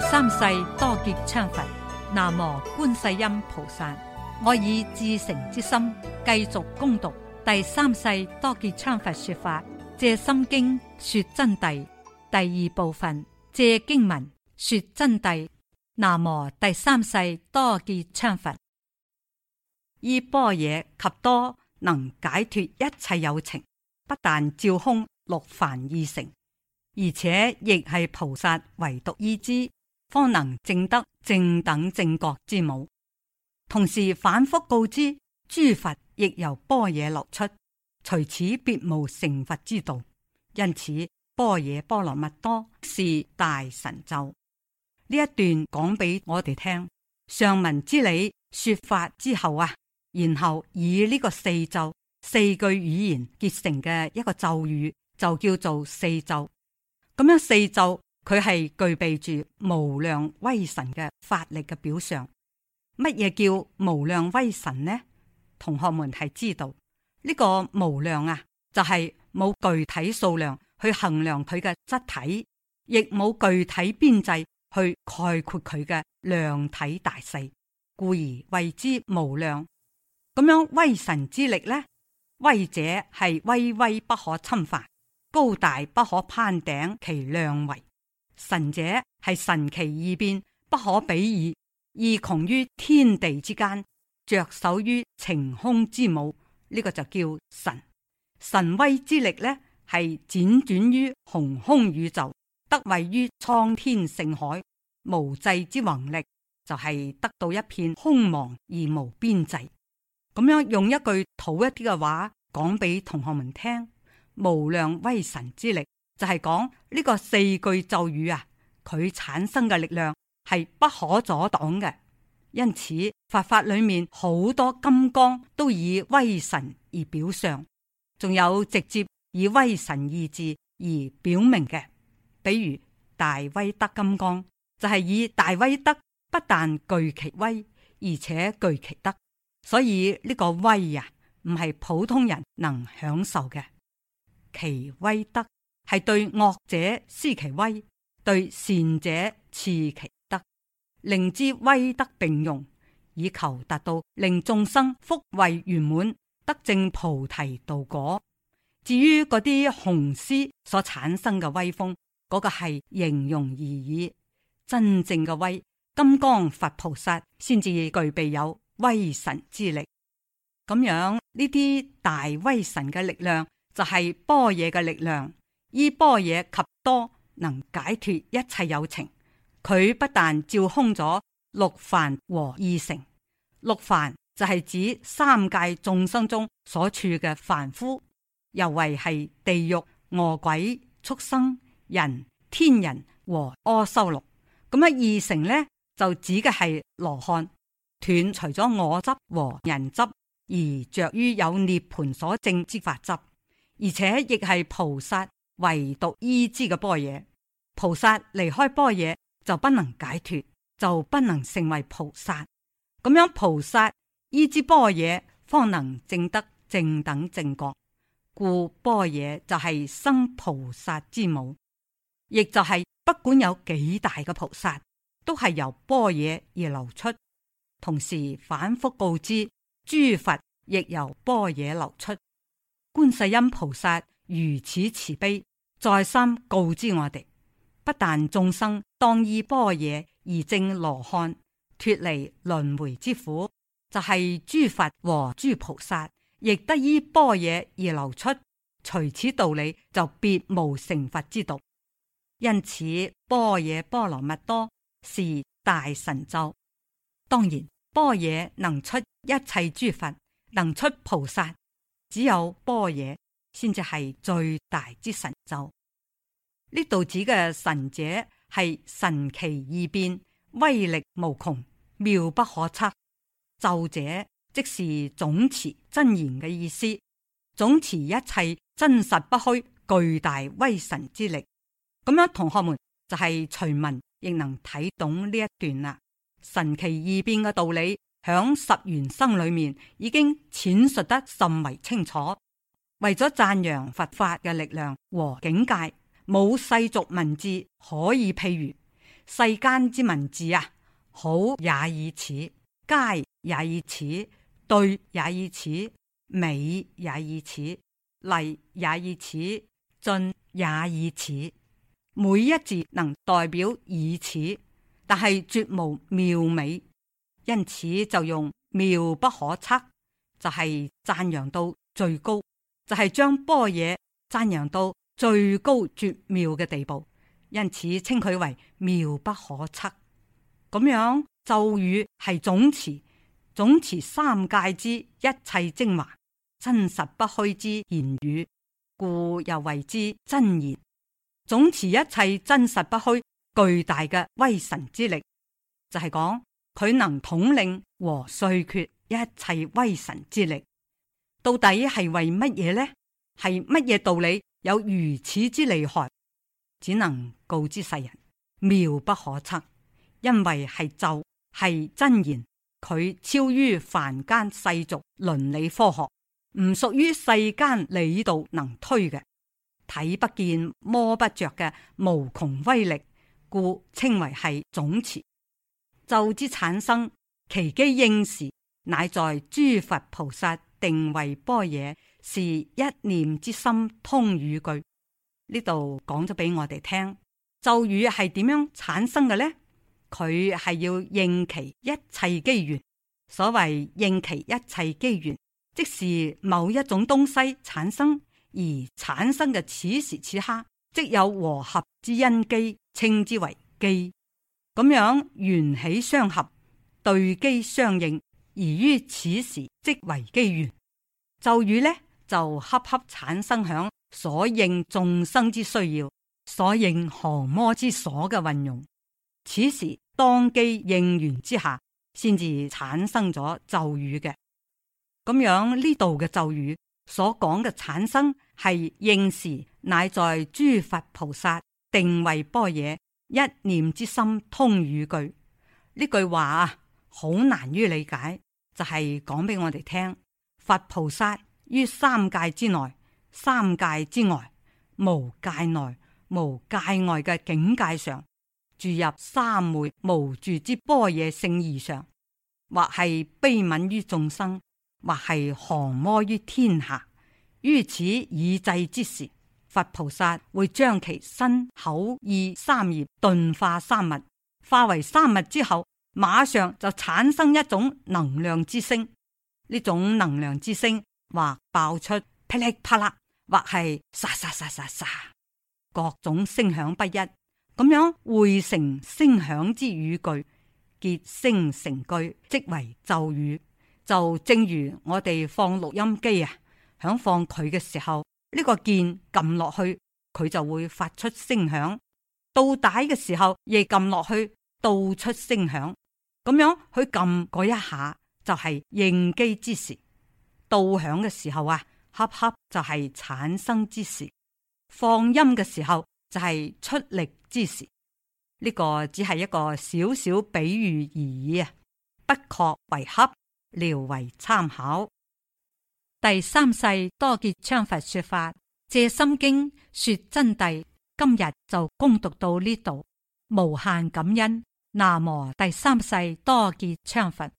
第三世多杰羌佛，南無觀世音菩薩。我以至誠之心，繼續攻讀第三世多杰羌佛說法。藉心經說真諦，第二部分藉經文說真諦。南無第三世多杰羌佛，依般若及多能解脫一切有情，不但照空六凡二乘，而且亦係菩薩唯獨依之。方能正得正等正覺之母，同時反覆告知諸佛亦由般若落出，除此別無成佛之道。因此，般若波羅蜜多是大神咒。呢一段講俾我哋聽，上文之理說法之後啊，然後以呢個四咒四句語言結成嘅一個咒語，就叫做四咒。咁樣四咒。佢係具備住無量威神嘅法力嘅表象。乜嘢叫無量威神呢？同學們係知道呢個無量啊，就係、是、冇具體數量去衡量佢嘅質體，亦冇具體邊際去概括佢嘅量體大細，故而為之無量。咁樣威神之力呢？威者係威威不可侵犯，高大不可攀頂，其量為。神者係神奇異變，不可比擬，異窮於天地之間，着手於晴空之母，呢、這個就叫神。神威之力呢，係輾轉於洪空宇宙，得位於蒼天聖海，無際之宏力就係、是、得到一片空茫而無邊際。咁樣用一句土一啲嘅話講俾同學們聽：無量威神之力。就係講呢個四句咒語啊，佢產生嘅力量係不可阻擋嘅。因此法法裏面好多金剛都以威神而表上，仲有直接以威神意志而表明嘅。比如大威德金剛就係、是、以大威德不但具其威，而且具其德。所以呢個威啊，唔係普通人能享受嘅，其威德。係對惡者施其威，對善者賜其德，令之威德並用，以求達到令眾生福慧圓滿，得證菩提道果。至於嗰啲雄獅所產生嘅威風，嗰、嗰個係形容而已。真正嘅威，金剛佛菩薩先至具備有威神之力。咁樣呢啲大威神嘅力量，就係般若嘅力量。依般若波羅蜜多能解脱一切有情。佢不但照空咗六凡和二乘，六凡就係指三界眾生中所處嘅凡夫，又為係地獄、餓鬼、畜生、人、天人和阿修羅。咁啊，二乘呢，就指嘅係羅漢，斷除咗我執和人執，而着於有涅槃所證之法執，而且亦係菩薩。唯獨依之嘅般若，菩薩離開般若就不能解脫，就不能成為菩薩。咁樣菩薩依之般若，方能證得正等正覺。故般若就係生菩薩之母，亦就係不管有幾大嘅菩薩，都係由般若而流出。同時反復告知諸佛亦由般若流出。觀世音菩薩如此慈悲。再三告知我哋，不但眾生當依般若而證羅漢，脱離輪迴之苦，就係、是、諸佛和諸菩薩亦得依般若而流出。除此道理，就別無成佛之道。因此，般若波羅蜜多是大神咒。當然，般若能出一切諸佛，能出菩薩，只有般若先至係最大之神。就呢度指嘅神者係神奇異變，威力無窮，妙不可測。咒者即是總持真言嘅意思，總持一切真實不虛，巨大威神之力。咁樣，同學們就係隨文亦能睇懂呢一段啦。神奇異變嘅道理響十緣生裏面已經闡述得甚為清楚。為咗讚揚佛法嘅力量和境界，冇世俗文字可以譬如，「世間之文字啊，好也以此，佳也以此，對也以此，美也以此，麗也以此，盡也以此。每一字能代表以此，但係絕無妙美，因此就用妙不可測，就係、是、讚揚到最高。就係將般若讚揚到最高絕妙嘅地步，因此稱佢為妙不可測。咁樣咒語係總持，總持三界之一切精華，真實不虛之言語，故又為之真言。總持一切真實不虛巨大嘅威神之力，就係講佢能統領和碎決一切威神之力。到底係為乜嘢呢？係乜嘢道理有如此之厲害？只能告知世人，妙不可測。因為係咒係真言，佢超於凡間世俗倫理科學，唔屬於世間理道能推嘅，睇不見摸不着嘅無窮威力，故稱為係總持。咒之產生，其機應時，乃在諸佛菩薩。定為般若是一念之心通語句，呢度講咗俾我哋聽，咒語係點樣產生嘅咧？佢係要應其一切機緣，所謂應其一切機緣，即是某一種東西產生而產生嘅，此時此刻，即有和合之因機，稱之為機，咁樣緣起相合，對機相應。而於此時即為機緣，咒語呢就恰恰產生響所應眾生之需要，所應降魔之所嘅運用。此時當機應緣之下，先至產生咗咒語嘅。咁樣呢度嘅咒語所講嘅產生係應時，乃在諸佛菩薩定位般若一念之心通語句。呢句話好難於理解。就係講俾我哋聽，佛菩薩於三界之內、三界之外、無界內、無界外嘅境界上，住入三昧無住之般若聖義上，或係悲憫於眾生，或係降魔於天下。於此已際之時，佛菩薩會將其身口意三業頓化三密，化為三密之後。馬上就產生一種能量之聲，呢種能量之聲或爆出噼里啪啦，或係沙沙沙沙沙，各種聲響不一，咁樣匯成聲響之語句，結聲成句，即為咒語。就正如我哋放錄音機啊，響放佢嘅時候，呢個鍵撳落去，佢就會發出聲響；倒帶嘅時候亦撳落去，倒出聲響。咁樣去撳嗰一下，就係、是、應機之時，到響嘅時候啊，恰恰就係產生之時，放音嘅時候就係、是、出力之時。呢、這個只係一個小小比喻而已啊，不確為恰，聊為參考。第三世多杰羌佛說法《藉心經》說真諦，今日就攻讀到呢度，無限感恩。南無第三世多杰羌佛。